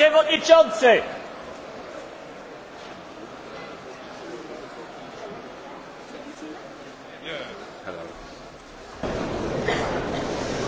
przewodniczący! Nie.